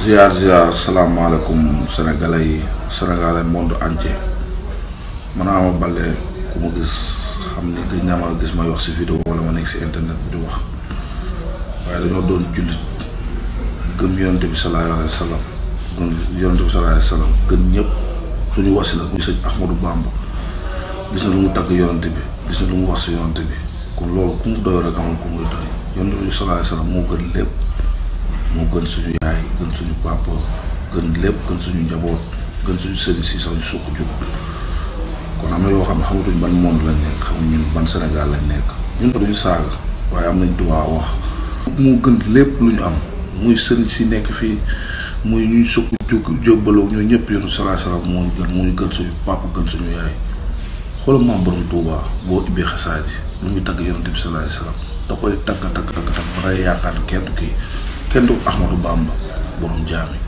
ziar ziar salaamaaleykum sénégalais yi sénégalais monde entier man Ama Baldé ku ma gis xam ni gëj naa gis may wax si vidéo wala ma nekk si internet bi di wax waaye dañoo doon jullit gëm yonent bi salallaahu alayhi wa sallam gëm yonent bi salallaahu alayhi wa sallam gën ñëpp gis na lu mu tagg yonent bi gis na lu mu wax si yonent bi kon loolu ku mu doy rek amul ku muy doy yonent bi salallaahu alayhi wa moo gën lépp. gën suñu yaay gën suñu papa gën lépp gën suñu njaboot gën suñu sëriñ si sax sukk jub kon am yoo xam ne xamatuñ ban monde lañ nekk xam ñun nekk ñun duñu saaga waaye am nañ droit wax moo gën lépp lu ñu am muy sën si nekk fii mooy ñuy sukk jóg jóbbaloo ñoo ñëpp yoonu salaa salaam moo ñu gën moo gën suñu papa gën suñu yaay xoolal maam borom Touba boo ibbee xasaay ji lu muy tagg yonent bi salaa salaam da koy tagg tagg tagg tagg ba ngay yaakaar kenn kenn du Ahmadou Bamba borom jaami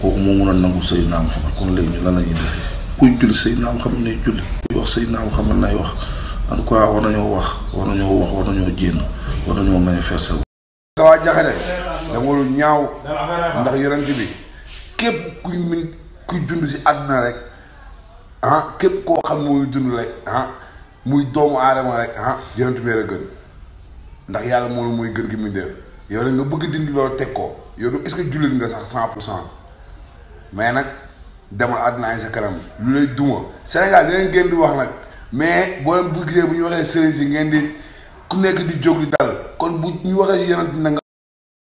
kooku moo mun a nangu Seydina Muhammad kon léegi ñu lan la ñuy defee kuy julli Seydina Muhammad nay julli kuy wax Seydina Muhammad nay wax en tout cas war nañoo wax war nañoo wax war nañoo jéem war nañoo manifester. sa waa jaxate dama lu ñaaw ndax yonent bi képp kuy min kuy dund si àdduna rek ah képp koo xam muy dund rek ah muy doomu aadama rek ah yonent bi la gën ndax yàlla moom muy gën gi muy def. yow la nga bëgg dindi loolu teg ko yow du est-ce que jullit nga sax cent pour cent mais nag demal àddina sa kanam lu lay duma Sénégal dinañ ngeen di wax nag mais boo leen bu gisee bu ñu waxee sëriñ si ngeen di ku nekk di jóg di dal kon bu ñu waxee si yonent nga